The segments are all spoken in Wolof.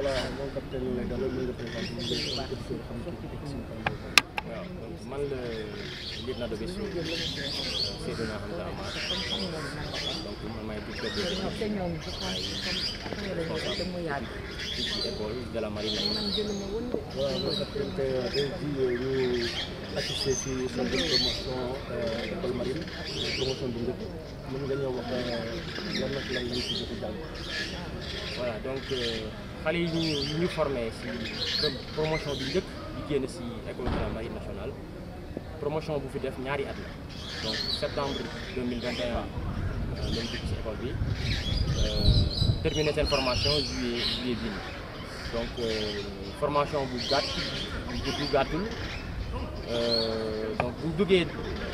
voilà moom capitaine Ndeye Dalla mën nga présenté ñu ngi lay def xam nga waaw donc man la euh, lieutenant de vaisseau Seydina Hamza Amar donc man maay directeur de ay école de euh, la marine waaw moom capitaine tey tey jii ñu assisté si centre de promotion école marine promotion bu njëkk mën nga ñëw wax lan la lan lañ si jot a jàng voilà donc. Euh, xale yi ñu ñu formé si promotion bi njëkk di génn si école de la marine nationale promotion bu fi def ñaari at la donc septembre 2021 euh, lañ dugg si école bi euh, terminé seen formation juillet juillet donc euh, formation bu gàtt bu gàttul donc bu duggee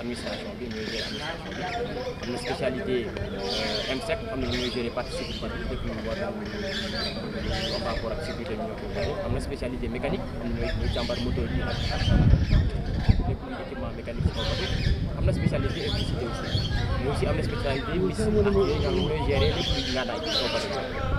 administration bi ñooy gérer administration bi am na spécialité euh, MSEC e am na ñu ñuy gérer partie sécurité bi dëkk ñu war am rapport ak sécurité bi ñoo ko gérer am na spécialité mécanique am na ñooy ñooy jàmbar moteur yi ak lépp luy équipement mécanique bi foofu am na spécialité électricité aussi mais aussi am na spécialité piste ak yooyu ñoo xam ne ñooy gérer lépp luy ngàndaay bi foofu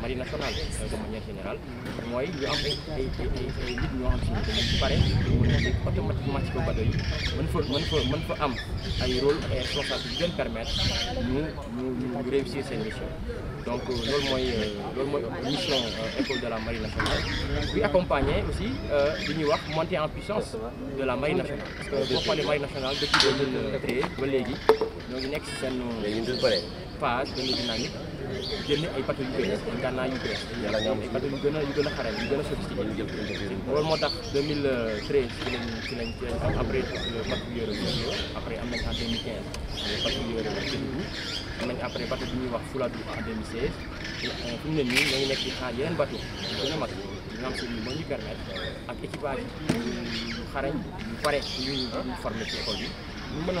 marine nationale euh, de manière générale pour ñu am ay ay ay nit ñoo xam si ci paré ñu qui nekk automatiquement ci kaw bateau yi mën fa mën fa mën fa am ay rôle et responsabilité yu leen permettre ñu ñu réussir cette mission donc lool moy lool moy mission euh, école de la marine nationale puis accompagner aussi euh, li ñuy wax en puissance de la marine nationale parce que boo les marine nationale depuis 2013 ba léegi ñoo ngi nekk si seen phase de dynamique génne ay bateau yu bees ay gànnaay yu bees a a xarañ yu gën a sophistiqué loolu moo tax après patrouilleur après am nañ en 2015 am nañ après bateau bi ñuy wax Fouladou en 2016 euh, fu mu ne nii ñoo ngi nekk di yeneen bateau gën a mag ñu am seen moo ñu permettre ak équipage yu xarañ yu pare ñu ñu formé ci école bi ñu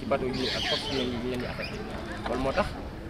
ci bateau yi ak force yi leen di affecté loolu moo tax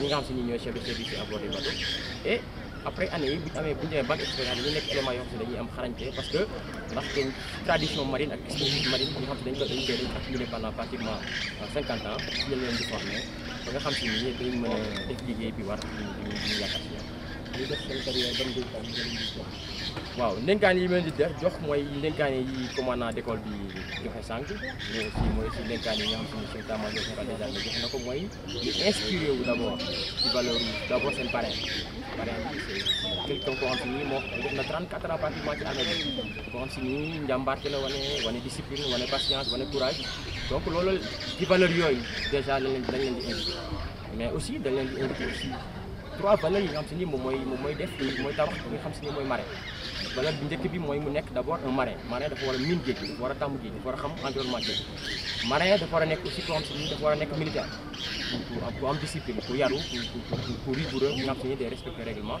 ñi nga xam si ni ñooy chef de service à bord du bateau et après année bu ñu amee bu ñu demee nekk élément yoo si dañuy am xarañte parce que ndax tradition marine ak expertise marine ñi nga xam si dañu ko dañu koy dañu accumulé pendant pratiquement euh, cinquante ans ñu leen di formé ba xam si ni dañu mën a def liggéey bi war ñu ñu yaakaar si ñoom waaw ndenkaan yi leen di def jox mooy ndenkaan yi commandant d' école bi joxe sànq mais aussi mooy si ndenkaan yi nga xam ne monsieur Tamba Diop Ndiaye Ndiaye Ndiaye joxe na ko mooy di inspirer wu d' abord ci valeur yi d' abord seen parrain parrain bi c' est quelqu' un koo xam si nii moo def na 34 ans pratiquement ci année bi koo xam si nii njàmbaarte la wane wane discipline wane patience wane courage donc loolu ci valeur yooyu dèjà dañ leen dañ leen di invité mais aussi dañ leen di invité aussi trois valeurs yi nga xam si ni moom mooy moom mooy def mooy xam si ni mooy marin valeur bi njëkk bi mooy mu nekk d' abord un marin marin dafa war a miin géej dafa war a tàmm géej dafa war a xam environnement géej marin dafa war a nekk si ni dafa war a nekk militaire pour am nga xam si ni day respecter règlement